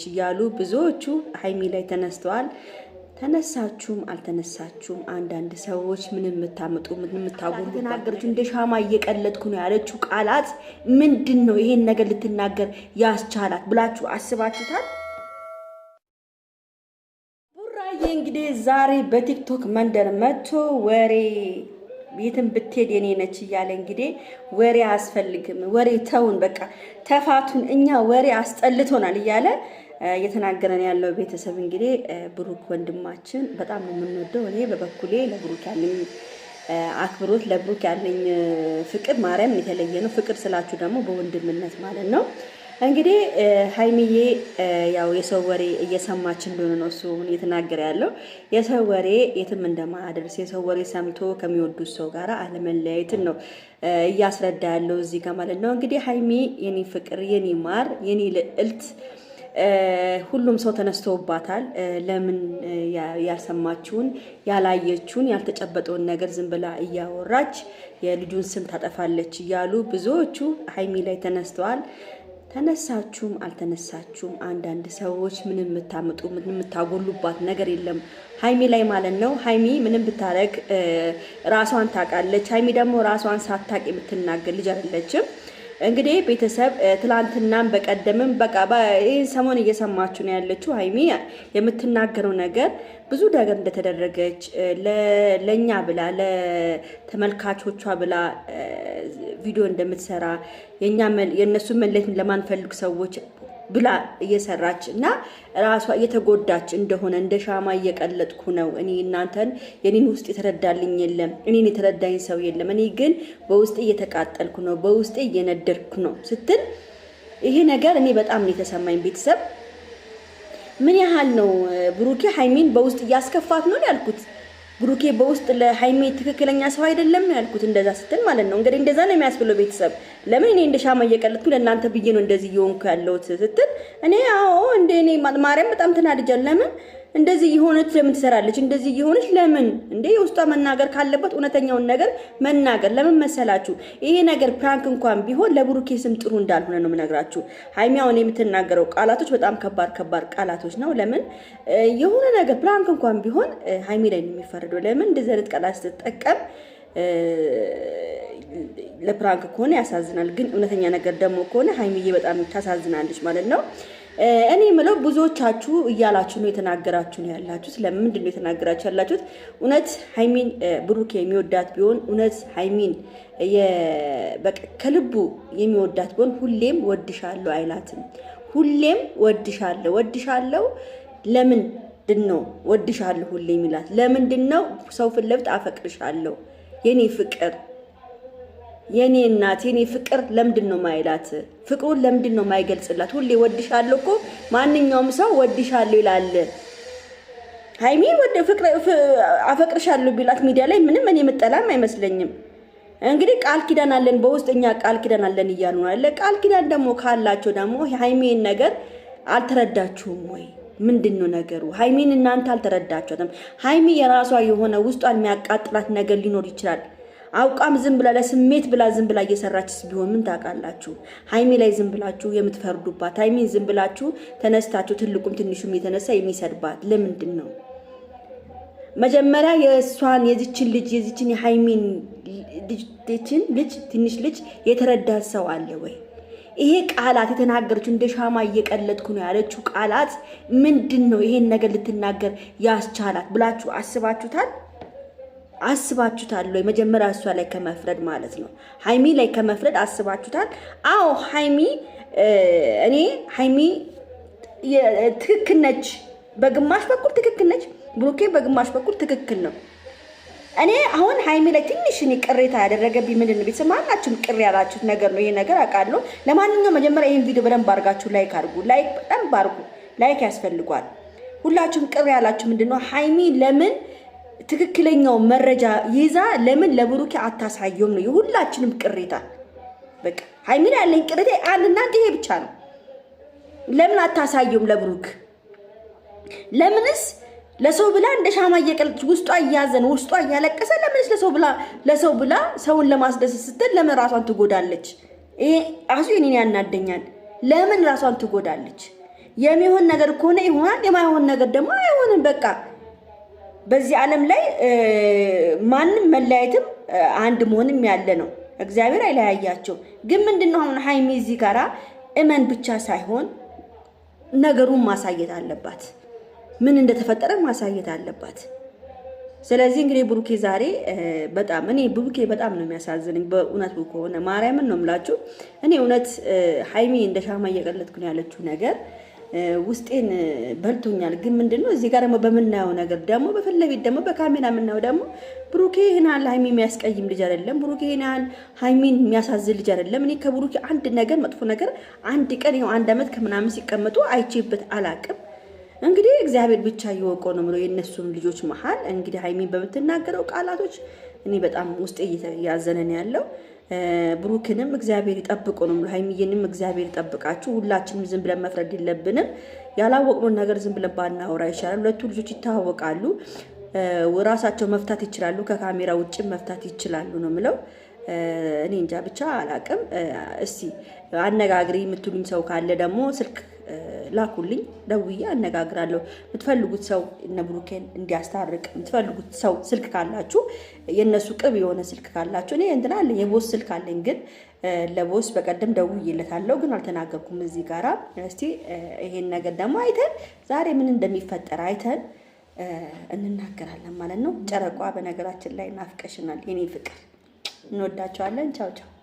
ች እያሉ ብዙዎቹ ሀይሚ ላይ ተነስተዋል። ተነሳችሁም አልተነሳችሁም አንዳንድ ሰዎች ምንም የምታምጡ ምንም የምታጉሩ እንደ ሻማ እየቀለጥኩ ነው ያለችው ቃላት ምንድን ነው? ይሄን ነገር ልትናገር ያስቻላት ብላችሁ አስባችሁታል? ቡራዬ እንግዲህ ዛሬ በቲክቶክ መንደር መጥቶ ወሬ የትም ብትሄድ የኔ ነች እያለ እንግዲህ ወሬ አያስፈልግም፣ ወሬ ተውን፣ በቃ ተፋቱን፣ እኛ ወሬ አስጠልቶናል እያለ እየተናገረን ያለው ቤተሰብ እንግዲህ ብሩክ ወንድማችን በጣም የምንወደው። እኔ በበኩሌ ለብሩክ ያለኝ አክብሮት ለብሩክ ያለኝ ፍቅር ማርያም የተለየ ነው። ፍቅር ስላችሁ ደግሞ በወንድምነት ማለት ነው። እንግዲህ ሀይሚዬ ያው የሰው ወሬ እየሰማች እንደሆነ ነው እሱ እየተናገረ ያለው። የሰው ወሬ የትም እንደማያደርስ የሰው ወሬ ሰምቶ ከሚወዱት ሰው ጋር አለመለያየትን ነው እያስረዳ ያለው እዚህ ጋር ማለት ነው። እንግዲህ ሀይሚ የኔ ፍቅር፣ የኔ ማር፣ የኔ ልዕልት ሁሉም ሰው ተነስቶባታል። ለምን ያልሰማችውን ያላየችውን ያልተጨበጠውን ነገር ዝም ብላ እያወራች የልጁን ስም ታጠፋለች እያሉ ብዙዎቹ ሀይሚ ላይ ተነስተዋል። ተነሳችሁም አልተነሳችሁም አንዳንድ ሰዎች ምንም የምታምጡ ምንም የምታጎሉባት ነገር የለም ሀይሚ ላይ ማለት ነው። ሀይሚ ምንም ብታረግ ራሷን ታውቃለች። ሀይሚ ደግሞ ራሷን ሳታቅ የምትናገር ልጅ አይደለችም። እንግዲህ ቤተሰብ ትላንትናም በቀደምም በቃ ይህን ሰሞን እየሰማችሁ ነው ያለችው ሀይሚ የምትናገረው ነገር ብዙ ነገር እንደተደረገች ለእኛ ብላ ለተመልካቾቿ ብላ ቪዲዮ እንደምትሰራ የእነሱን መለየት ለማንፈልግ ሰዎች ብላ እየሰራች እና ራሷ እየተጎዳች እንደሆነ እንደ ሻማ እየቀለጥኩ ነው እኔ እናንተን የኔን ውስጥ የተረዳልኝ የለም፣ እኔን የተረዳኝ ሰው የለም፣ እኔ ግን በውስጤ እየተቃጠልኩ ነው፣ በውስጤ እየነደርኩ ነው ስትል ይሄ ነገር እኔ በጣም ነው የተሰማኝ። ቤተሰብ ምን ያህል ነው ብሩኬ ሀይሚን በውስጥ እያስከፋት ነው ያልኩት። ብሩኬ በውስጥ ለሀይሜ ትክክለኛ ሰው አይደለም ያልኩት እንደዛ ስትል ማለት ነው። እንግዲህ እንደዛ ነው የሚያስብለው ቤተሰብ። ለምን እኔ እንደ ሻማ እየቀለጥኩ ለእናንተ ብዬ ነው እንደዚህ እየሆንኩ ያለሁት ስትል እኔ አዎ እንደ እኔ ማርያም በጣም ትናድጃል። ለምን እንደዚህ የሆነች ለምን ትሰራለች? እንደዚህ የሆነች ለምን እንደ የውስጧ መናገር ካለበት እውነተኛውን ነገር መናገር። ለምን መሰላችሁ? ይሄ ነገር ፕራንክ እንኳን ቢሆን ለብሩኬ ስም ጥሩ እንዳልሆነ ነው የምነግራችሁ። ሀይሚያውን የምትናገረው ቃላቶች በጣም ከባድ ከባድ ቃላቶች ነው። ለምን የሆነ ነገር ፕራንክ እንኳን ቢሆን ሀይሚ ላይ ነው የሚፈረደው። ለምን እንደዚህ አይነት ቃላት ስትጠቀም ለፕራንክ ከሆነ ያሳዝናል፣ ግን እውነተኛ ነገር ደግሞ ከሆነ ሀይሚዬ በጣም ታሳዝናለች ማለት ነው። እኔ የምለው ብዙዎቻችሁ እያላችሁ ነው የተናገራችሁ ነው ያላችሁት። ለምንድን ነው የተናገራችሁ ያላችሁት? እውነት ሀይሚን ብሩክ የሚወዳት ቢሆን እውነት ሀይሚን ከልቡ የሚወዳት ቢሆን ሁሌም ወድሻለሁ አይላትም። ሁሌም ወድሻለሁ ወድሻለሁ ለምንድን ነው ወድሻለሁ ሁሌ የሚላት ለምንድን ነው? ሰው ፊት ለፊት አፈቅርሻለሁ የኔ ፍቅር የኔ እናት የኔ ፍቅር ለምንድን ነው ማይላት? ፍቅሩን ለምንድን ነው ማይገልጽላት? ሁሌ ወድሻለሁ እኮ ማንኛውም ሰው ወድሻለሁ ይላል። ሀይሚ ወደ ፍቅር አፈቅርሻለሁ ቢላት ሚዲያ ላይ ምንም እኔ የምጠላም አይመስለኝም። እንግዲህ ቃል ኪዳን አለን በውስጠኛ እኛ ቃል ኪዳን አለን እያሉ አለ። ቃል ኪዳን ደግሞ ካላቸው ደግሞ ሀይሚን ነገር አልተረዳችሁም ወይ? ምንድን ነው ነገሩ? ሀይሚን እናንተ አልተረዳችሁትም። ሀይሚ የራሷ የሆነ ውስጧ የሚያቃጥላት ነገር ሊኖር ይችላል። አውቃም ዝም ብላ ለስሜት ብላ ዝም ብላ እየሰራችስ ቢሆን ምን ታውቃላችሁ? ሀይሚ ላይ ዝም ብላችሁ የምትፈርዱባት ሀይሚን ዝም ብላችሁ ተነስታችሁ ትልቁም ትንሹም የተነሳ የሚሰድባት ለምንድን ነው? መጀመሪያ የእሷን የዚችን ልጅ የዚችን የሀይሚን ልጅችን ልጅ ትንሽ ልጅ የተረዳ ሰው አለ ወይ? ይሄ ቃላት የተናገረችው እንደ ሻማ እየቀለጥኩ ነው ያለችው ቃላት ምንድን ነው? ይሄን ነገር ልትናገር ያስቻላት ብላችሁ አስባችሁታል? አስባችሁታል ወይ? መጀመሪያ እሷ ላይ ከመፍረድ ማለት ነው፣ ሀይሚ ላይ ከመፍረድ አስባችሁታል? አዎ ሀይሚ እኔ ሀይሚ ትክክል ነች፣ በግማሽ በኩል ትክክል ነች፣ ብሩኬ በግማሽ በኩል ትክክል ነው። እኔ አሁን ሀይሚ ላይ ትንሽ እኔ ቅሬታ ያደረገብኝ ምንድን ነው? ቤተሰብ ማናችሁም ቅር ያላችሁት ነገር ነው። ይሄ ነገር አውቃለሁ። ለማንኛውም መጀመሪያ ይህን ቪዲዮ በደንብ አድርጋችሁ ላይክ አድርጉ፣ ላይክ በደንብ አድርጉ። ላይክ ያስፈልጓል። ሁላችሁም ቅር ያላችሁ ምንድን ነው ሀይሚ ለምን ትክክለኛው መረጃ ይዛ ለምን ለብሩኬ አታሳየውም ነው የሁላችንም ቅሬታ። በቃ ሀይሚን ያለኝ ቅሬታ አንድ እናንተ ይሄ ብቻ ነው። ለምን አታሳየውም ለብሩክ? ለምንስ ለሰው ብላ እንደ ሻማ እየቀለች ውስጧ እያዘን ውስጧ እያለቀሰ ለምንስ ለሰው ብላ ለሰው ብላ ሰውን ለማስደሰት ስትል ለምን ራሷን ትጎዳለች? ይሄ አሱ የኔን ያናደኛል። ለምን ራሷን ትጎዳለች? የሚሆን ነገር ከሆነ ይሆናል፣ የማይሆን ነገር ደግሞ አይሆንም። በቃ በዚህ ዓለም ላይ ማንም መለያየትም አንድ መሆንም ያለ ነው። እግዚአብሔር አይለያያቸው። ግን ምንድነው አሁን ሀይሚ እዚህ ጋራ እመን ብቻ ሳይሆን ነገሩን ማሳየት አለባት። ምን እንደተፈጠረ ማሳየት አለባት። ስለዚህ እንግዲህ ብሩኬ ዛሬ በጣም እኔ ብሩኬ በጣም ነው የሚያሳዝንኝ። በእውነቱ ከሆነ ማርያምን ነው የምላችሁ። እኔ እውነት ሀይሚ እንደ ሻማ እየቀለጥኩ ነው ያለችው ነገር ውስጤን በልቶኛል። ግን ምንድን ነው እዚህ ጋር ደግሞ በምናየው ነገር ደግሞ በፊት ለፊት ደግሞ በካሜራ የምናየው ደግሞ ብሩኬ ይህን ያህል ሀይሚን የሚያስቀይም ልጅ አይደለም። ብሩኬ ይህን ያህል ሀይሚን የሚያሳዝን ልጅ አይደለም። እኔ ከብሩኬ አንድ ነገር መጥፎ ነገር አንድ ቀን ይኸው አንድ ዓመት ከምናምን ሲቀመጡ አይቼበት አላቅም። እንግዲህ እግዚአብሔር ብቻ እየወቀው ነው ብሎ የእነሱን ልጆች መሀል እንግዲህ ሀይሚን በምትናገረው ቃላቶች እኔ በጣም ውስጤ እያዘነን ያለው ብሩክንም እግዚአብሔር ይጠብቁ ነው ብሎ ሀይሚዬንም እግዚአብሔር ይጠብቃችሁ። ሁላችንም ዝም ብለን መፍረድ የለብንም። ያላወቅነውን ነገር ዝም ብለን ባናወራ ይሻላል። ሁለቱ ልጆች ይተዋወቃሉ፣ ራሳቸው መፍታት ይችላሉ። ከካሜራ ውጭ መፍታት ይችላሉ ነው ምለው። እኔ እንጃ ብቻ አላቅም። እስቲ አነጋግሪ የምትሉኝ ሰው ካለ ደግሞ ስልክ ላኩልኝ፣ ደውዬ አነጋግራለሁ። የምትፈልጉት ሰው እነ ብሩኬን እንዲያስታርቅ የምትፈልጉት ሰው ስልክ ካላችሁ የእነሱ ቅርብ የሆነ ስልክ ካላችሁ እኔ እንትና አለኝ የቦስ ስልክ አለኝ፣ ግን ለቦስ በቀደም ደውዬለታለሁ፣ ግን አልተናገርኩም። እዚህ ጋራ እስቲ ይሄን ነገር ደግሞ አይተን ዛሬ ምን እንደሚፈጠር አይተን እንናገራለን ማለት ነው። ጨረቋ በነገራችን ላይ ናፍቀሽናል። የኔ ፍቅር እንወዳቸዋለን። ቻው ቻው